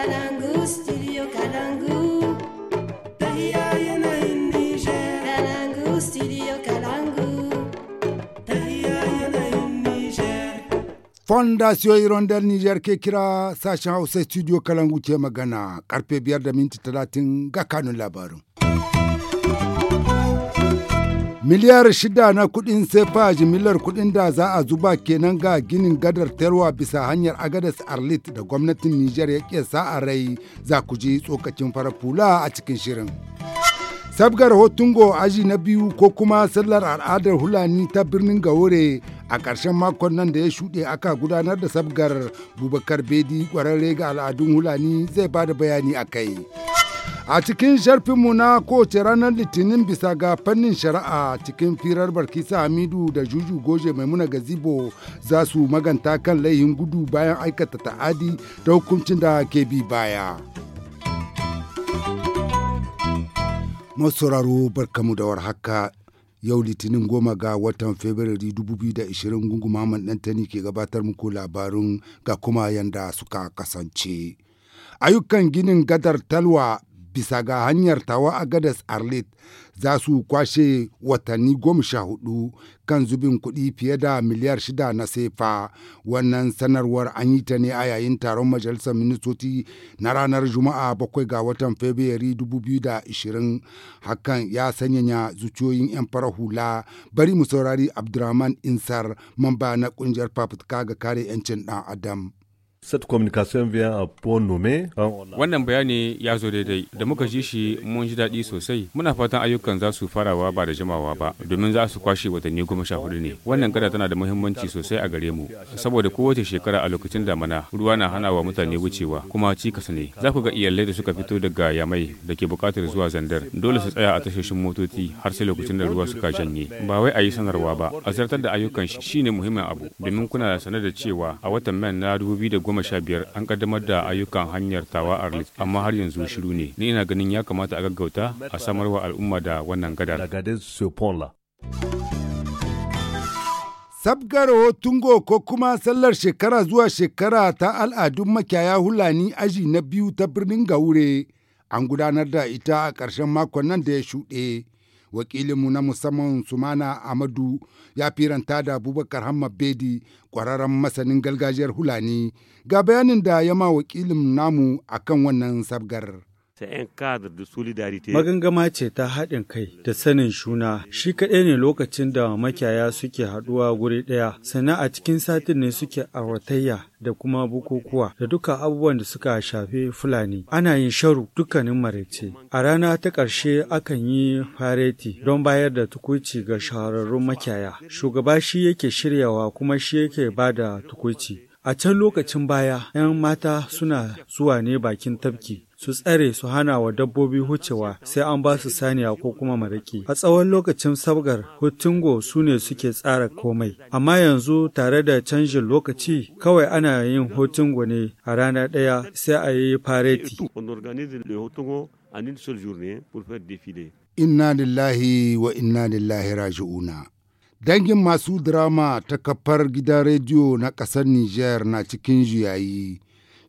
Kalangu, studio Kalangu. Niger. studio Fondation Irondel Niger ke kira sashen Hausa studio Kalangu ce magana karfe biyar da minti talatin ga kanun labarin. miliyar shida na kudin sefa miliyar kudin da za a zuba kenan ga ginin gadar terwa bisa hanyar agadas arlit da gwamnatin nijar ya kesa a rai za ku ji tsokacin farafula a cikin shirin sabgar hotungo aji na biyu ko kuma sallar al'adar hulani ta birnin gawore a ƙarshen makon nan da ya shuɗe aka gudanar da sabgar bubakar bedi ƙwararre ga al'adun hulani zai ba da bayani a kai. A cikin sharfinmu na kowace ranar Litinin bisa ga fannin shari'a cikin firar Barkisa Hamidu da Juju Goje Maimuna Gazibo za su maganta kan laihin gudu bayan aikata ta'adi da hukuncin da ke bi baya. Masauraro barkamu da warhaka yau litinin goma ga watan Fabrairu 2020 gunguma ɗantani ke gabatar muku labarun ga kuma yanda suka kasance. Ayyukan ginin gadar talwa bisa ga hanyar tawa a gadas arlit za su kwashe watanni goma sha hudu kan zubin kuɗi fiye da miliyar shida na sefa wannan sanarwar an yi ta ne a yayin taron majalisar ministoci na ranar juma'a bakwai ga watan fabrairu 2020 hakan ya sanyanya zuciyoyin 'yan farar hula bari mu saurari abdurrahman insar mamba na ƙungiyar fafutuka ga kare 'yancin ɗan adam Cette communication vient à bon nommé. Wannan bayani ya zo daidai da muka ji shi mun ji daɗi sosai. Muna fatan ayyukan za su farawa ba da jimawa ba domin za su kwashe watanni goma sha hudu ne. Wannan gada tana da muhimmanci sosai a gare mu saboda kowace shekara a lokacin damana ruwa na hana wa mutane wucewa kuma cikas ne. Za ku ga iyalai da suka fito daga yamai da ke buƙatar zuwa zandar dole su tsaya a tashoshin motoci har sai lokacin da ruwa suka janye. Ba wai a yi sanarwa ba a zartar da ayyukan shi ne muhimmin abu domin kuna sanar da cewa a watan man na 2010 goma sha biyar an kaddamar da ayyukan hanyar tawa arlit amma har yanzu shiru ne ni ina ganin ya kamata a gaggauta a samarwa al'umma da wannan gadar sabgaro tungo ko kuma sallar shekara zuwa shekara ta al'adun makiyaya hulani aji na biyu ta birnin gaure an gudanar da ita a ƙarshen makon nan da ya shuɗe wakilinmu na musamman sumana amadu ya firanta da abubakar hamad bedi kwararren masanin gargajiyar hulani ga bayanin da ya ma wakilin namu akan wannan sabgar. da Magangama ce ta haɗin kai da sanin shuna, shi kaɗai ne lokacin da makiyaya suke haɗuwa guri ɗaya, sannan a cikin satin ne suke auratayya da kuma bukukuwa da duka abubuwan da suka shafi Fulani. Ana yin sharu dukkanin marece. A rana ta ƙarshe akan yi fareti don bayar da tukuci ga shahararrun makiyaya. Shugaba shi yake shiryawa kuma shi yake ba da tukuci. A can lokacin baya, ‘yan mata suna zuwa ne bakin tafki su tsare su hana wa dabbobi hucewa sai an ba su saniya ko kuma maraki. A tsawon lokacin sabgar hutungo su ne suke tsara komai. Amma yanzu tare da canjin lokaci kawai ana yin hutungo ne a rana ɗaya sai a yi fareti. Inna lillahi wa inna lillahi raji'una. Dangin masu drama ta kafar gidan rediyo na ƙasar Nijar na cikin juyayi.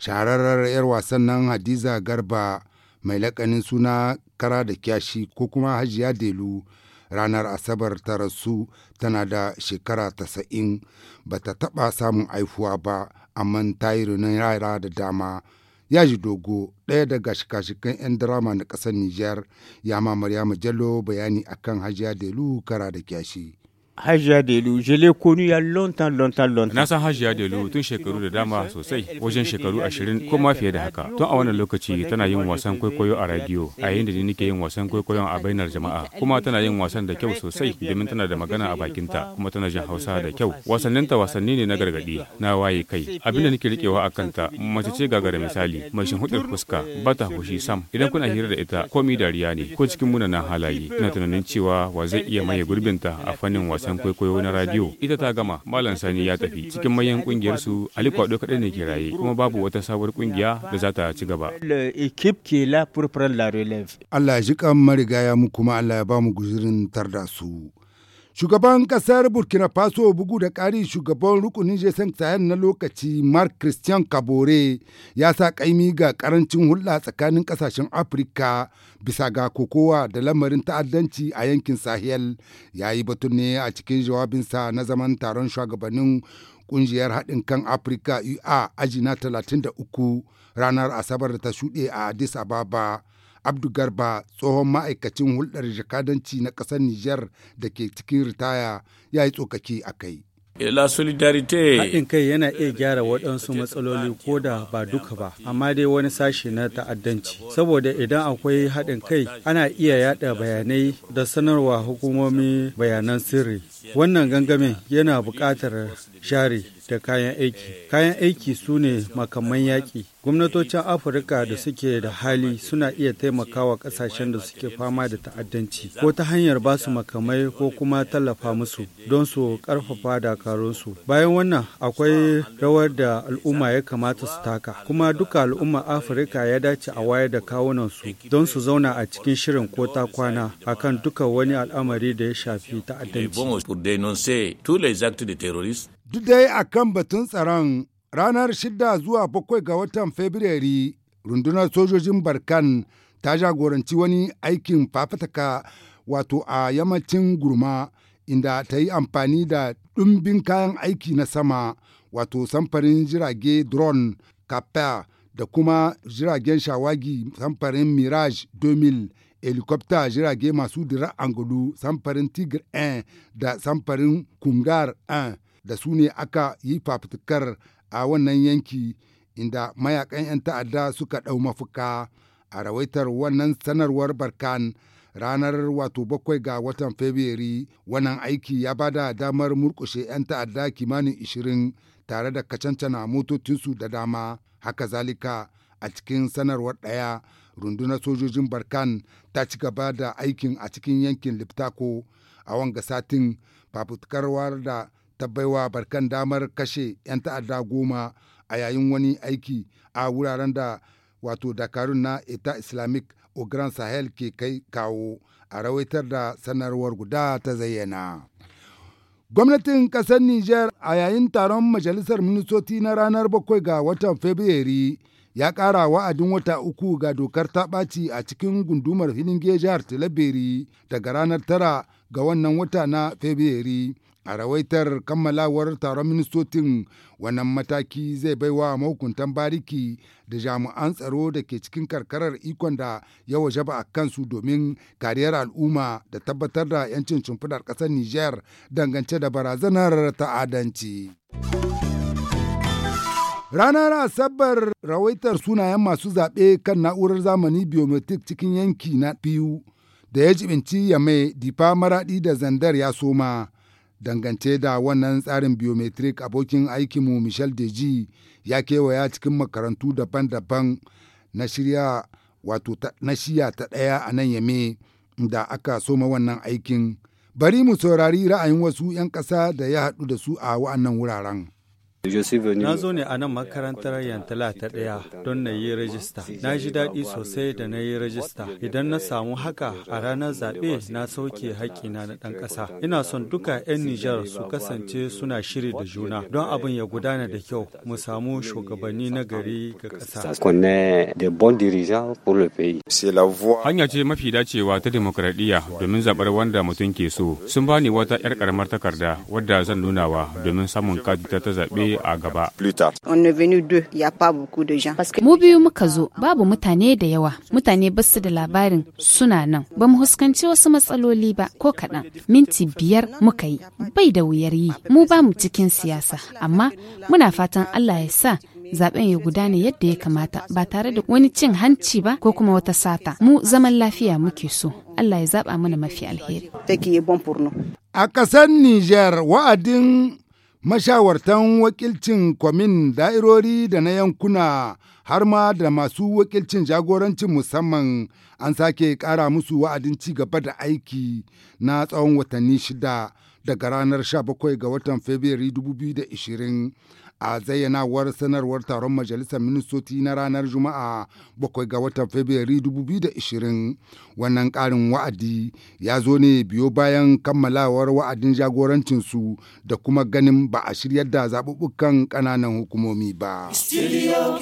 shahararrar 'yar wasan nan hadiza garba mai laƙanin suna kara da kyashi ko kuma hajiya delu ranar asabar ta rasu tana da shekara tasa'in ba ta taɓa samun aifuwa ba amma ta yi yara da dama ya ji dogo ɗaya daga shika-shikan 'yan drama na ƙasar nijar ya ma maryama jallo bayani akan hajiya delu kara da kyashi Hajiya Delu, je l'ai connu ya longtemps longtemps longtemps. Na san Hajiya Delu tun shekaru da dama sosai, wajen shekaru ashirin ko ma fiye da haka. Tun a wannan lokaci tana yin wasan kwaikwayo a radio, a yayin da nake yin wasan kwaikwayon a bainar jama'a, kuma tana yin wasan da kyau sosai domin tana da magana a bakinta, kuma tana jin Hausa da kyau. Wasanninta wasanni ne na gargadi, na waye kai. Abin da nake rikewa a kanta, mace ce gagara misali, mashin hudar fuska, bata ta hushi sam. Idan kuna hira da ita, komi dariya ne, ko cikin munanan halaye. Ina tunanin cewa wa zai iya maye gurbinta a fannin wasan wasan kwaikwayo na radio ita ta gama malam sani ya tafi cikin manyan kungiyar su ali kwado kaɗai ne ke raye kuma babu wata sabuwar kungiya da za ta ci gaba Allah ya ji kan marigaya mu kuma Allah ya ba mu guzurin tar da su Shugaban kasar Burkina Faso bugu da ƙari shugaban rukunin jesan Sahel na lokaci Mark Christian Kabore ya sa ƙaimi ga ƙarancin hulɗa tsakanin ƙasashen Afirka bisa ga kokowa da lamarin ta'addanci a yankin Sahel ya yi batun ne a cikin jawabinsa na zaman taron shugabannin ƙungiyar haɗin kan Afirka UA aji na 33 ranar Asabar da ta shuɗe a Addis Ababa. Abdu Garba tsohon ma'aikacin hulɗar jakadanci na ƙasar Nijar da ke cikin ritaya ya yi tsokaki a kai. Eh, la solidarité. Haɗin kai yana iya gyara waɗansu matsaloli ko da ba duka ba, amma dai wani sashe na ta'addanci. Saboda idan akwai haɗin kai ana iya yaɗa bayanai da sanarwa hukumomi bayanan sirri. Wannan gangamin yana buƙatar share da kayan aiki. Kayan aiki su ne makaman yaƙi. Gwamnatocin Afirka da suke da hali suna iya taimakawa ƙasashen da suke fama da ta'addanci ko ta hanyar ba su makamai ko kuma tallafa musu don su ƙarfafa dakarunsu. Bayan wannan akwai rawar da al'umma ya kamata su taka. Kuma duka al'umma Afirka ya dace a wayar da kawunansu don su zauna a cikin shirin ko ta kwana akan duka wani al'amari da ya shafi ta'addanci. Duk dai a kan batun tsaron ranar 6 zuwa bakwai ga watan Fabrairu rundunar sojojin Barkan ta jagoranci wani aikin fafataka wato a yammacin gurma inda ta yi amfani da ɗumbin kayan aiki na sama wato samfarin jirage drone kappa da kuma jiragen shawagi samfarin mirage 2000 helikopta jirage masu dira angulu samfarin tigir 1 da samfarin kungar 1 da su ne aka yi fafutukar a wannan yanki inda mayakan 'yan ta'adda suka ɗau mafuka a rawaitar wannan sanarwar barkan ranar wato bakwai ga watan fabrairu wannan aiki ya bada damar murkushe 'yan ta'adda kimanin ishirin tare da kacancana motocinsu da dama haka zalika a cikin sanarwar ɗaya rundunar sojojin barkan ta ci gaba da aikin a cikin yankin liptako a wanga satin fafutukarwar da ta baiwa barkan damar kashe 'yan ta'adda goma a yayin wani aiki a wuraren da wato dakarun na ita islamic ogran sahel ke kai kawo a rawaitar da sanarwar guda ta zayyana gwamnatin kasar niger a yayin taron majalisar ministoci na ranar bakwai ga watan fabrairu ya kara wa'adin wata uku ga dokar ta ɓaci a cikin gundumar filin jihar talabiri daga ranar tara ga wannan wata na fabrairu a rawaitar kammalawar taron ministocin wannan mataki zai baiwa mahukuntan bariki da jami'an tsaro da ke cikin karkarar ikon da ya ba a kansu domin kariyar al'umma da tabbatar da 'yancin cimfidar ƙasar niger dangance da barazanar ta'adanci. Ranar Asabar rawaitar sunayen masu zaɓe kan na'urar zamani biometric cikin yanki na biyu da ya jibinci ya mai difa maraɗi da zandar ya soma. dangance da wannan tsarin biometric abokin aikinmu michel deji ya kewaya cikin makarantu daban-daban na shirya wato na shiya ta ɗaya a nan yame da aka soma wannan aikin bari mu saurari ra'ayin wasu 'yan ƙasa da ya haɗu da su a wa'annan wuraren. Na zo ne a nan makarantar Yantala ta ɗaya don na yi rajista. Na ji daɗi sosai da na yi rajista. Idan na samu haka a ranar zaɓe na sauke haƙƙina na ɗan ƙasa. Ina son duka 'yan Nijar su kasance suna shiri da juna don abin ya gudana da kyau mu samu shugabanni na gari ga ƙasa. Hanya ce mafi dacewa ta demokradiyya domin zaɓar wanda mutum ke so. Sun bani wata 'yar ƙaramar takarda wadda zan nunawa domin samun kati ta zaɓe yi a gaba. Mu biyu muka zo babu mutane da yawa, mutane basu da labarin suna nan, ba mu huskanci wasu matsaloli ba ko kaɗan. Minti biyar muka yi, bai da wuyar yi, mu ba mu cikin siyasa, amma muna fatan Allah ya sa zaben ya gudana yadda ya kamata ba tare da wani cin hanci ba ko kuma wata sata mu zaman lafiya muke so Allah ya zaba mana mafi alheri a ƙasar Nijar wa'adin mashawartan wakilcin kwamin da'irori da na yankuna har ma da masu wakilcin jagorancin musamman an sake kara musu wa'adin ci gaba da aiki na tsawon watanni shida daga ranar 17 ga watan Fabrairu 2020 a zayyanawar sanarwar taron majalisar ministoci na ranar juma'a bakwai ga watan fabrairu 2020 wannan karin wa'adi ya zo ne biyo bayan kammalawar wa'adin jagorancinsu da kuma ganin ba a shiryar da zaɓuɓɓukan ƙananan hukumomi ba. Studio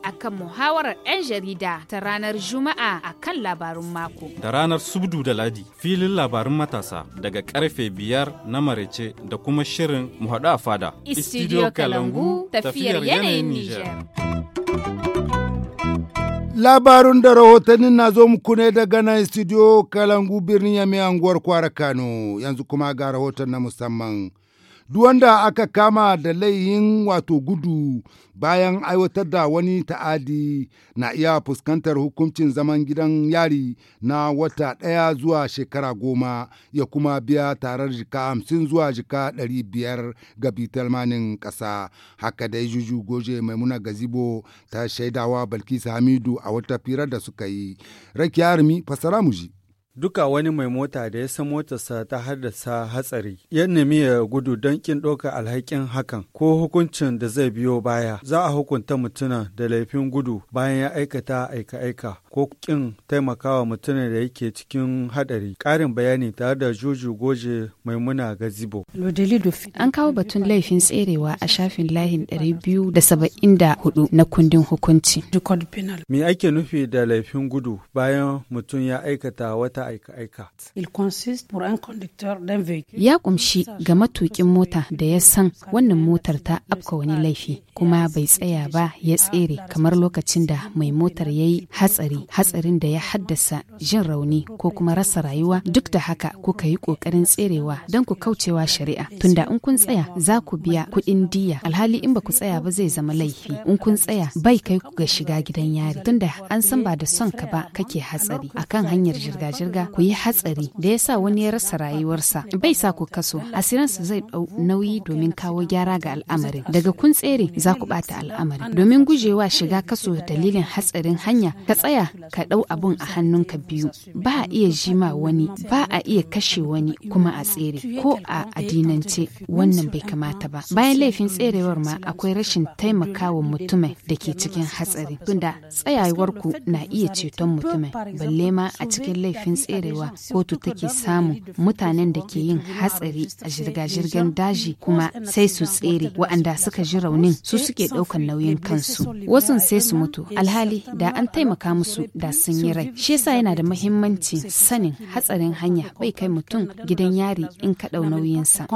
akan muhawarar 'yan jarida ta ranar Juma'a a kan labarun mako. Da ranar Subdu da Ladi filin labarun matasa daga karfe biyar na marece da kuma shirin muhaɗu a fada. Istidiyo Kalangu tafiyar yanayin Nijar. Labarun da rahotannin na zo muku ne daga nan studio Kalangu birnin Yami anguwar Kwara Kano yanzu kuma ga rahoton na musamman. duk wanda aka kama da laihin wato gudu bayan aiwatar da wani ta'adi na iya fuskantar hukuncin zaman gidan yari na wata ɗaya zuwa shekara goma ya kuma biya tarar jika hamsin zuwa jika ɗari biyar ga bitalmanin ƙasa haka dai juju goje maimuna gazibo ta shaidawa balkisa hamidu a wata firar da suka yi rakiya fasara mu ji. Duka wani mai mota da ya san motarsa ta haddasa hatsari, ya nemi ya gudu don kin ɗauka alhakin hakan ko hukuncin da zai biyo baya, za a hukunta mutumin da laifin gudu bayan ya aikata aika-aika ko kin taimakawa mutumin da yake cikin haɗari. Ƙarin bayani tare da Juju Goje Maimuna Gazibo. An kawo batun laifin tserewa a shafin layin 274 na kundin hukunci. Me ake nufi da laifin gudu bayan mutum ya aikata wata ta aika-aika. Ya kumshi ga matukin mota da ya san wannan motar ta afka wani laifi kuma bai tsaya ba ya tsere kamar lokacin da mai motar ya yi hatsari hatsarin da ya haddasa jin rauni ko kuma rasa rayuwa duk da haka kuka yi kokarin tserewa don ku kaucewa shari'a tunda in kun tsaya za ku biya kuɗin diya alhali in ba ku tsaya ba zai zama laifi in kun tsaya bai kai ku ga shiga gidan yari tunda an san ba da son ka ba kake hatsari akan hanyar jirga-jirga zanga ku yi hatsari da ya sa wani ya rasa rayuwarsa bai sa ku kaso asiransa zai ɗau nauyi domin kawo gyara ga al'amarin daga kun tsere za ku bata al'amarin domin gujewa shiga kaso dalilin hatsarin hanya ka tsaya ka ɗau abun a hannunka biyu ba a iya jima wani ba a iya kashe wani kuma a tsere ko a addinance wannan bai kamata ba bayan laifin tserewar ma akwai rashin taimakawa mutumin da ke cikin hatsari tunda tsayawarku na iya ceton mutumin balle ma a cikin laifin tserewa kotu take samu mutanen da ke yin hatsari a jirga zirgar daji kuma sai su tsere waɗanda suka ji raunin su suke ɗaukan nauyin kansu wasu sai su mutu alhali da an taimaka musu da sun yi rai shi yasa yana da muhimmanci sanin hatsarin hanya bai kai mutum gidan yari in ka ɗau nauyinsa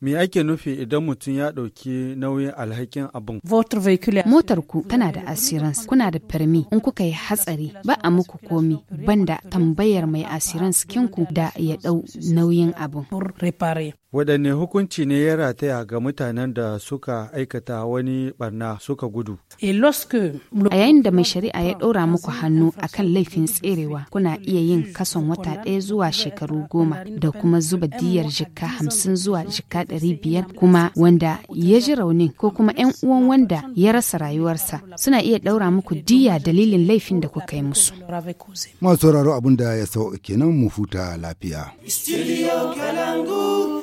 Me ake nufi idan mutum ya ɗauki nauyin alhakin abin? Motar ku tana da assurance, kuna da firmi in kuka yi hatsari ba a muku komi banda tambayar mai asiran sikinku da ya ɗau nauyin abu. Waɗanne hukunci ne ya rataya ga mutanen da suka aikata wani barna suka gudu? A yayin da mai shari'a ya ɗora muku hannu a kan laifin tserewa kuna iya yin kason wata ɗaya zuwa shekaru goma da kuma zuba diyar jikka hamsin zuwa jikka ɗari biyar kuma wanda ya ji raunin ko kuma 'yan uwan wanda ya rasa rayuwarsa suna iya ɗaura muku diya dalilin laifin da kuka yi musu. Masu sauraro abin da ya sauka kenan mu huta lafiya. Studio Kalangu.